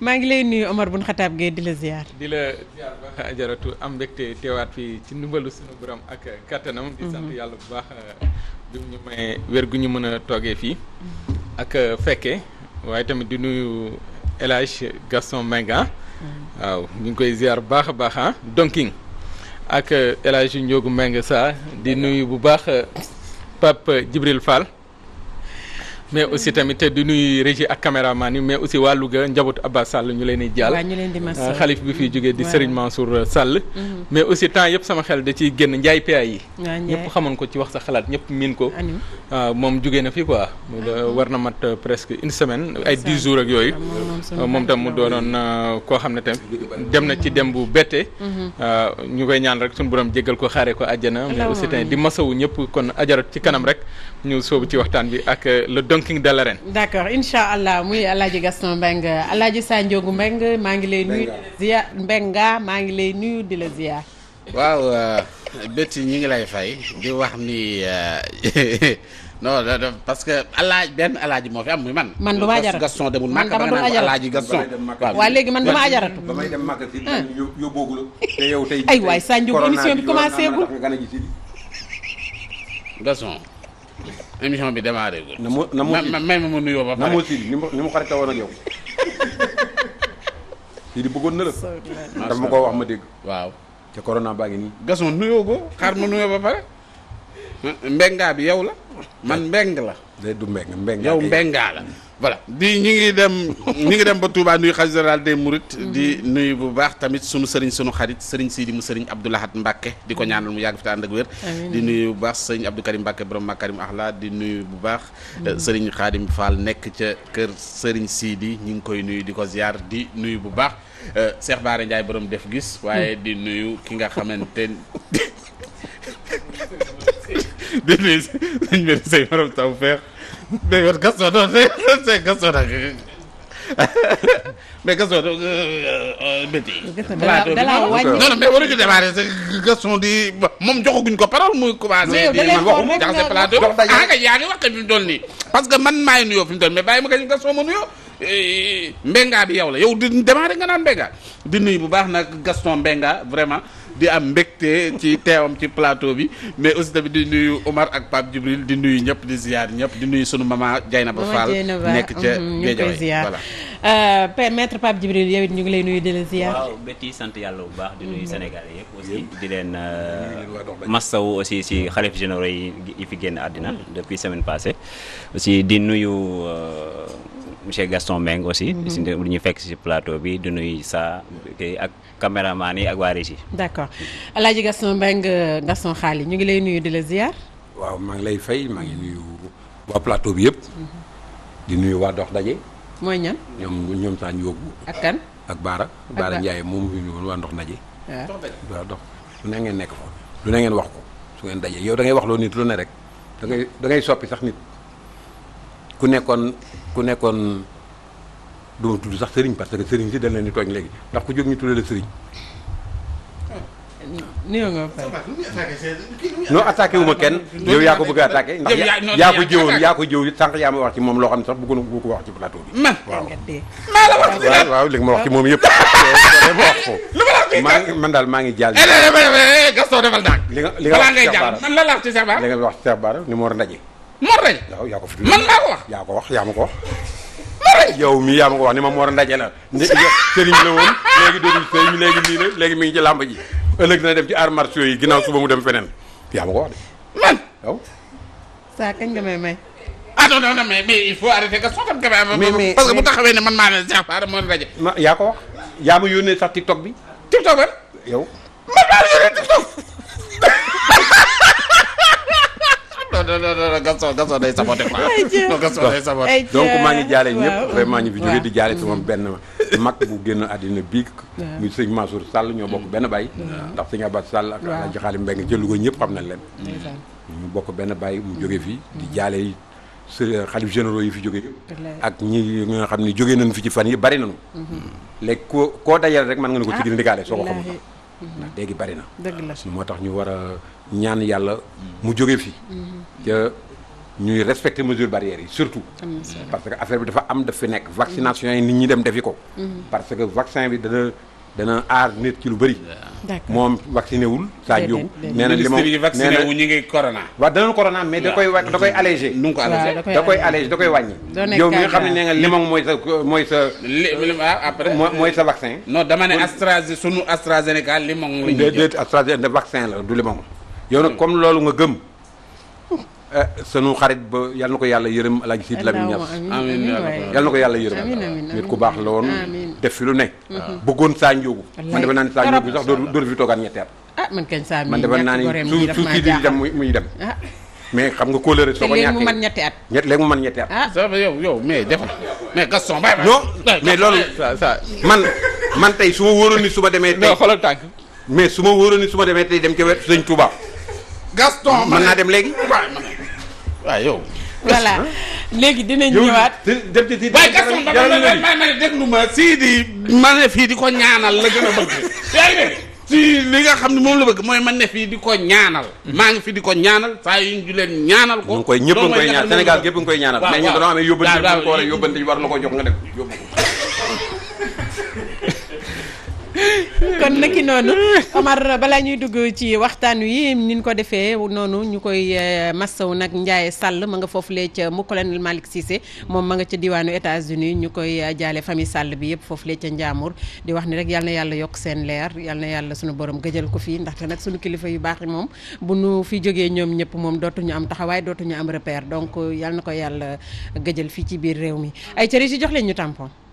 maa ngi lay nuyu Omar Bun Xataab Gueye di la ziar. di la ziar baax ajaratu am mbégte teewaat fii ci ndimbalu suñu borom ak kattanam. di mhm. sant yàlla bu baax bi ñu may wér gu ñu mën a toogee fii. Mhm. ak euh, fekke waaye tamit di nuyu El Hadj Gaston Mbengue ah. mhm. waaw ñu ngi koy ziar baax a baax ah Donking ak yu euh, njoogu Ndiogu Mbengue saa di nuyu bu baax euh, Pape Djibril Fall. mais aussi tamit di nuyu régie ak caméraman yi mais aussi waa Louga njabootu Abba Sall ñu leen di jàll ñu leen di mas euh, xalif bi fiy mm-hmm. jógee di Serigne Mansour Sall mm-hmm. mais aussi temps yëpp sama xel da ciy génn njaay pa yi ñëpp ko ci wax sa xalaat ñëpp miin ko euh, moom jógee na fi ah, ah. na mat euh, presque une semaine ay dix jours ak yooyu ah, moom tam mu doonoon koo xam ne tamit dem na ci dem bu bette mm-hmm. ñu koy ñaan rek suñu borom jéggal ko xaaree ko àjjana mais aussi tamit di masawu ñëpp kon ajarat ci kanam rek ñu soobu ci waxtaan bi ak le King de d' accord incha allah muy El Hadj Gaston Mbengue El Hadj Sa Ndiogou Mbengue maa ngi lay nuyu. ziar Mbengue maa ngi lay nuyu di la ziar. waaw euh, bétti ñi ngi lay fay di wax ni euh, non parce que alaaj benn alaaji moo fi am muy man. man du ma ajaratu Gaston demul màkk ba nga naan alaaji Gaston. léegi man du ajaratu. Ah. ay waay Sa Ndiogou émission bi commencé gul Gaston émission bi démarré gul. na mu na mu ma ma ma nuyoo ba pare. na mu Sidi ni ni mu xarit woon ak yow. Sidi bëggoon na dafa ma ko wax ma dégg. waaw. te corona baa ngi nii. Gaston nuyoo ko xaar ma nuyoo ba pare. mbengaa bi yow la man ah. mbeng la day du mbeng mbeng yow mbengaa la voilà di ñi ngi dem ñi ngi dem ba Touba nuyu xalifa général des Mourides mm-hmm. di nuyu bu baax tamit sunu sëriñ sunu xarit sëriñ Sidi mu sëriñ Abdou Lahad Mbacke di ko ñaanal mu yàgg fi te ànd ak wér di nuyu bu baax sëriñ Abdou Karim Mbacke borom Makarim Axla di nuyu bu baax mm-hmm. eh, sëriñ Xaadim Fall nekk ca kër sëriñ Sidi ñu ngi koy nuyu di ko ziar di nuyu bu baax eh, Cheikh Baara Ndiaye borom def gis mm-hmm. waaye di nuyu ki nga xamante di nuyu suñ benn say borom taw feex mais yow Gaston non c'est Gaston nag mais Gaston béti plateau bi non non mais waruñu démarrer Gaston di moom joxaguñ ko parole muy commencé di waxu jaxase plateau ah kay yaa wax kay fi mu nii parce que man maay nuyoo fi mu toll mais bàyyi ma kañ Gaston ma nuyoo eh, mbengaa bi yow la yow di démarrer nga naan mbengaa di nuyu bu baax nag Gaston mbengaa vraiment di am mbégte ci teewam ci plateau bi mais aussi tamit di nuyu Omar ak Pape Djibril di nuyu ñëpp di ziar ñëpp di nuyu sunu maman Dieynaba Fall nekk ca mhm, Géejawaay voilà euh, maître Pape Djibril yow it ñu ngi lay nuyu di la ziar waaw sant yàlla bu baax di nuyu mhm. Sénégal yëpp aussi di leen euh, massawu aussi si xalif généraux yi fi génn àddina mhm. depuis semaine passée aussi di nuyu euh, monsieur Gaston Mbengue aussi. Mhm. si ñu fekk si plateau bi du nuyu sa ak caméraman yi ak waa régie. d'accord El Hadj Gaston Mbengue Gaston Xaali ñu ngi lay nuyu di la ziar. waaw maa ngi lay fay maa ngi nuyu waa plateau bi yëpp. Mhm. di nuyu waa dox daje. mooy ñan ñoom ñoom saan yóbbu. ak kan ak Baara. Baara Ndiaye moom fi ñu waa ndox daje. waaw dox nekk fa wax ko nit lu ne rek da soppi sax nit. ku nekkoon ku nekkoon du tudd sax sëriñ parce que sëriñ si dañ leen di tooñ léegi ndax ku jóg ñu tuddee la sëriñ. néew nga ba non attaqué wu ma kenn yow yaa ko bëgg a attaqué. ndax yaa ko jëwoon yaa ko jëw sànq yaa ma wax ci moom loo xam ne sax bëggu na ko wax ci plateau bi. man maa la wax ci dara waaw li nga ma wax ci moom yëpp. ma la wax ci maa ngi man daal maa ngi jàll. Eh, eh, eh, Gaston defal li nga li nga wax ci Cheikh Bara man la la wax ci Cheikh Bara ni mu war a ndaje Mor Ndaje. waaw yaa ko fi man maa ko wax. yaa ko wax yaa ma ko wax. Mor Ndaje yow mii yaa ma ko wax ni ma Mor Ndaje la. sëriñ la woon léegi déglu sëriñ léegi léegi mi ngi ji. ëllëg dina dem ci arts martiaux yi ginnaaw suba mu dem feneen yaa ma ko wax de. man waaw. saa kañ nga may may. Ah, mais il faut arrêter que soxna Gaba. mais mais parce ne man maa leen jeex baara Mor Ndaje. ma yaa yaa ma yónnee sax TikTok bi. TikTok ban Gaston Gaston day saboté quoi. Gaston day saboté. donc maa ngi jaale ñëpp vraiment ñu fi jógee di jaale sama benn mag bu génn àddina bii. muy sëñ Mansour Sall ñoo bokk benn baay. ndax sëñ Abbas Sall ak El Hadj Xaalim Mbengue ca ko ñëpp xam nañ leen. ñu bokk benn baay mu jógee fii di jaale xalif généraux yi fi jóge ak ñi nga xam ni jóge nañ fi ci fan yi bari nañu mm-hmm. léegi koo koo dajal rek mën nga ne ko ci ah. gën a ndigaale soo ko xamul ndax léegi bari na. dëgg la moo tax ñu war a ñaan yàlla mu jóge fi. ca mm-hmm. ñuy respecter mesures barrières yi surtout. parce que affaire bi dafa am daf fi nekk vaccination yi nit ñi dem defi ko. Mm-hmm. parce que vaccin bi dana dana aar nit ci lu bëri. moom vacciné wul Sadio. déedéet nee na li moom vacciné wu ñu ngi corona. waaw danañ corona mais da koy da koy allégé. nu ko allégé da koy allégé da koy wàññi. yow mi nga xam ne nee nga limon mooy sa mooy sa. Ah, après mooy sa vaccin. non dama ne Astra sunu AstraZeneca limon. la ñuy vaccin la du limon. yow nag hmm. comme loolu nga gëm. Eh, sunu xarit ba yal na ko yàlla yërëm yàlla yërëm nit ku baax la woon def fi lu ne mhm. ah, bëggoon saa njóogu man defe naa ne saa njóogu sax dootu fi toogaat ñetteer ah man kañ saa mi man defe naa ne su su kii di dem muy dem ah. mais xam nga kóolóore soo ko ñàkkee léegi mu mën ñetti at. ñett léegi mu mën ñetti at. ah yow yow mais def Gaston bàyyi ma. non mais man man tey su ma wóoroon ni su ma demee. tey non tànk. mais su ma wóoroon su ma demee tey dem ca wet Sëñ Touba. Gaston man naa dem léegi. waaw yow. voilà léegi dinañ ñëwaat. dem ci waaye Gaston dama la may ma sii di ma ne fii di ko ñaanal la gën a bëgg. yaa ngi dégg si li nga xam ne moom la bëgg mooy ma ne fii di ko ñaanal. Mhm. maa ngi fii di ko ñaanal saa yu ñu leen ñaanal ko. ñu ngi koy ñëpp ngi koy ñaan Sénégal gépp ngi koy ñaanal. mais ñu dañoo amee yóbbante ñu ko war a yóbbante war la ko jox nga def yóbbu kon naki noonu Omar balaa ñuy dugg ci waxtaan wi niñ ko defee noonu ñu koy eh, massaw nag njaaye Sall ma nga foofu lee ca mu colonel Malick Cissé moom ma nga ca diwaanu États-Unis ñu koy eh, jaale famille sàll bi yëpp foofu lee ca Njaamur di wax ni rek yal na yàlla yokk seen leer yal na yàlla sunu borom gëjal ko fii ndaxte nag sunu kilifa yu baax yi moom bu nu fi jógee ñoom ñëpp moom dootuñu am taxawaaye dootuñu am repère donc yal na ko yàlla gëjal fii ci biir réew mi ay cëri jox leen ñu tampon